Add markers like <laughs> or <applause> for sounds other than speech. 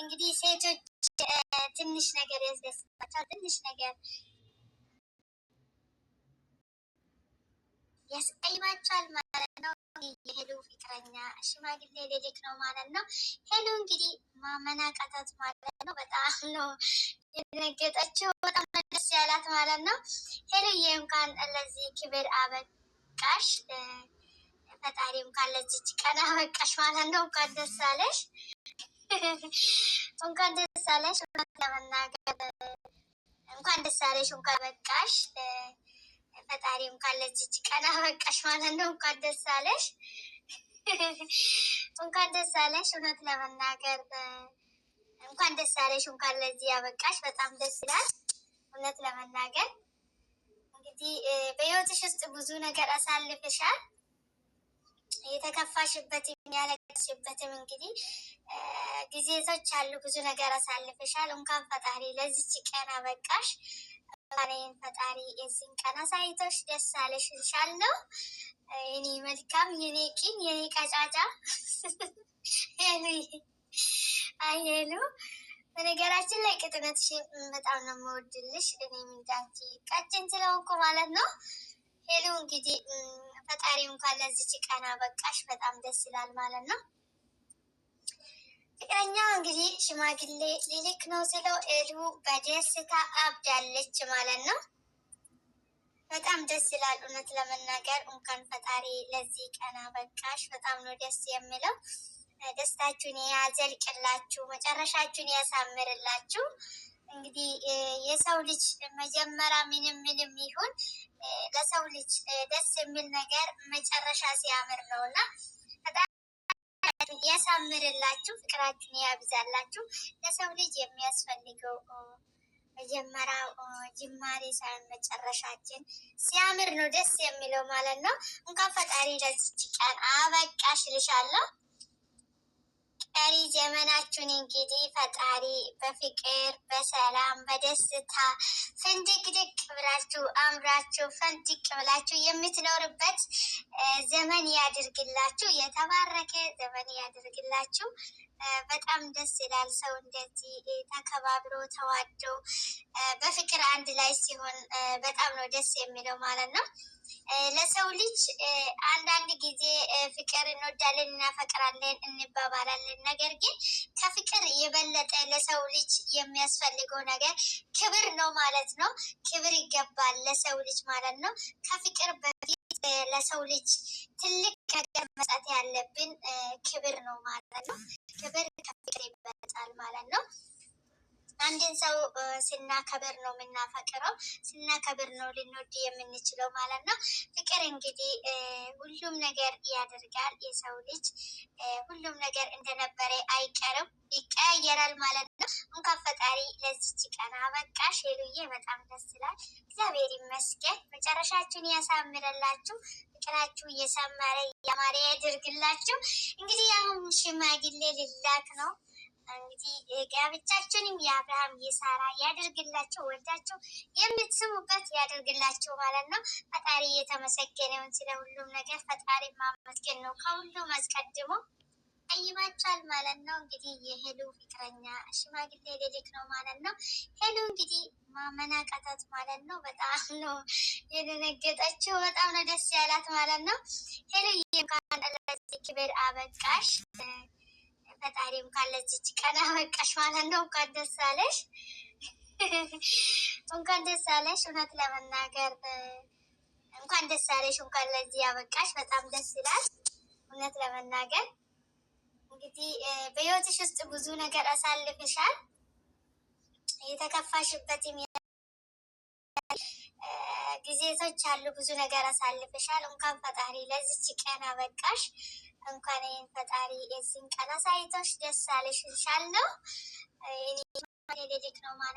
እንግዲህ ሴቶች ትንሽ ነገር ያስደስታቸዋል። ትንሽ ነገር ያስቀይማቸዋል ማለት ነው። የሄሉ ፍቅረኛ ሽማግሌ ሌሊት ነው ማለት ነው። ሄሉ እንግዲህ ማመናቀታት ማለት ነው። በጣም ነው የደነገጠችው። በጣም ደስ ያላት ማለት ነው። ሄሉዬ እንኳን ለዚህ ክብር አበቃሽ። ፈጣሪ እንኳን ለዚች ቀን አበቃሽ ማለት ነው። እንኳን ደስ አለሽ። <laughs> እንኳን ደስ አለሽ። እውነት ለመናገር እንኳን ደስ አለሽ፣ እንኳን በቃሽ። ፈጣሪ እንኳን ለዚች ቀን በቃሽ ማለት ነው። እንኳን ደስ አለሽ፣ <laughs> እንኳን ደስ አለሽ። እውነት ለመናገር እንኳን ደስ አለሽ፣ እንኳን ለዚህ ያበቃሽ። በጣም ደስ ይላል። እውነት ለመናገር እንግዲህ በህይወትሽ ውስጥ ብዙ ነገር አሳልፈሻል። የተከፋሽበት የሚያለቅሽበትም እንግዲህ ጊዜቶች አሉ። ብዙ ነገር አሳልፈሻል። እንኳን ፈጣሪ ለዚች ቀን አበቃሽ። ባሬን ፈጣሪ የዚህን ቀን አሳይቶሽ ደስ አለሽ እንሻለው። የኔ መልካም፣ የኔ ቂን፣ የኔ ቀጫጫ <laughs> አየሉ በነገራችን ላይ ቅጥነትሽን በጣም ነው የምወድልሽ። እኔ ሚዳንቺ ቀጭን ስለሆንኩ ማለት ነው። ሄሉ እንግዲህ ፈጣሪ እንኳን ለዚች ቀን አበቃሽ። በጣም ደስ ይላል ማለት ነው። ፍቅረኛው እንግዲህ ሽማግሌ ሊልክ ነው ስለው ኤሉ በደስታ አብዳለች ማለት ነው። በጣም ደስ ይላል። እውነት ለመናገር እንኳን ፈጣሪ ለዚህ ቀን አበቃሽ። በጣም ነው ደስ የሚለው። ደስታችሁን ያዘልቅላችሁ፣ መጨረሻችሁን ያሳምርላችሁ። እንግዲህ የሰው ልጅ መጀመሪያ ምንም ምንም ይሁን ለሰው ልጅ ደስ የሚል ነገር መጨረሻ ሲያምር ነው እና ያሳምርላችሁ፣ ፍቅራችን ያብዛላችሁ። ለሰው ልጅ የሚያስፈልገው መጀመሪያው ጅማሬ ሳይሆን መጨረሻችን ሲያምር ነው ደስ የሚለው ማለት ነው። እንኳን ፈጣሪ ለዚች ቀን አበቃሽ ልሻለሁ። ዘመናችሁን እንግዲህ ፈጣሪ በፍቅር በሰላም በደስታ ፍንድቅድቅ ብላችሁ አምራችሁ ፈንድቅ ብላችሁ የምትኖርበት ዘመን ያድርግላችሁ። የተባረከ ዘመን ያድርግላችሁ። በጣም ደስ ይላል። ሰው እንደዚህ ተከባብሮ ተዋዶ በፍቅር አንድ ላይ ሲሆን በጣም ነው ደስ የሚለው ማለት ነው። ለሰው ልጅ አንዳንድ ጊዜ ፍቅር እንወዳለን፣ እናፈቅራለን፣ እንባባላለን። ነገር ግን ከፍቅር የበለጠ ለሰው ልጅ የሚያስፈልገው ነገር ክብር ነው ማለት ነው። ክብር ይገባል ለሰው ልጅ ማለት ነው። ከፍቅር በፊት ለሰው ልጅ ትልቅ ነገር መስጠት ያለብን ክብር ነው ማለት ነው። ይህን ሰው ስናከብር ነው የምናፈቅረው፣ ስናከብር ነው ልንወድ የምንችለው ማለት ነው። ፍቅር እንግዲህ ሁሉም ነገር ያደርጋል። የሰው ልጅ ሁሉም ነገር እንደነበረ አይቀርም፣ ይቀያየራል ማለት ነው። እንኳን ፈጣሪ ለዚች ቀን አበቃሽ ሼሉዬ በጣም ደስ ይላል። እግዚአብሔር ይመስገን። መጨረሻችሁን ያሳምረላችሁ፣ ፍቅራችሁ እየሰመረ ያማረ ያደርግላችሁ። እንግዲህ አሁን ሽማግሌ ልላክ ነው እንግዲህ ጋብቻችንም የአብርሃም የሳራ ያደርግላቸው ወዳቸው የምትስሙበት ያደርግላቸው ማለት ነው። ፈጣሪ እየተመሰገነውን ስለ ሁሉም ነገር ፈጣሪ ማመስገን ነው ከሁሉም አስቀድሞ አይባቻል ማለት ነው። እንግዲህ የሄሉ ፍቅረኛ ሽማግሌ ልልክ ነው ማለት ነው። ሄሉ እንግዲህ ማመናቀታት ማለት ነው። በጣም ነው የደነገጠችው። በጣም ነው ደስ ያላት ማለት ነው። ሄሉ ይህ ክብር አበቃሽ። ዛሬም ካለች ቀና በቃሽ ማለት ነው። እንኳን ደስ አለሽ፣ እንኳን ደስ አለሽ። እውነት ለመናገር እንኳን ደስ አለሽ፣ እንኳን ለዚህ ያበቃሽ። በጣም ደስ ይላል። እውነት ለመናገር እንግዲህ በህይወትሽ ውስጥ ብዙ ነገር አሳልፍሻል። የተከፋሽበት ጊዜቶች አሉ። ብዙ ነገር አሳልፍሻል። እንኳን ፈጣሪ ለዚች ቀን አበቃሽ። እንኳን ይህን ፈጣሪ የዚህን ቀን አሳይቶሽ ደስ አለሽ። ይሻል ነው ነው ማለት